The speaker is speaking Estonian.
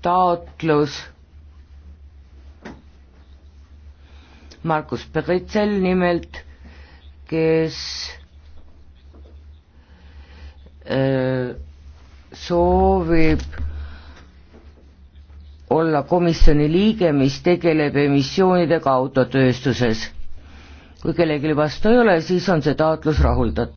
taotlus Markus Pritsel nimelt, kes öö, äh, soovib olla komisjoni liige, mis tegeleb emissioonidega autotööstuses. kui kellelgi vastu ei ole, siis on see taotlus rahuldatud.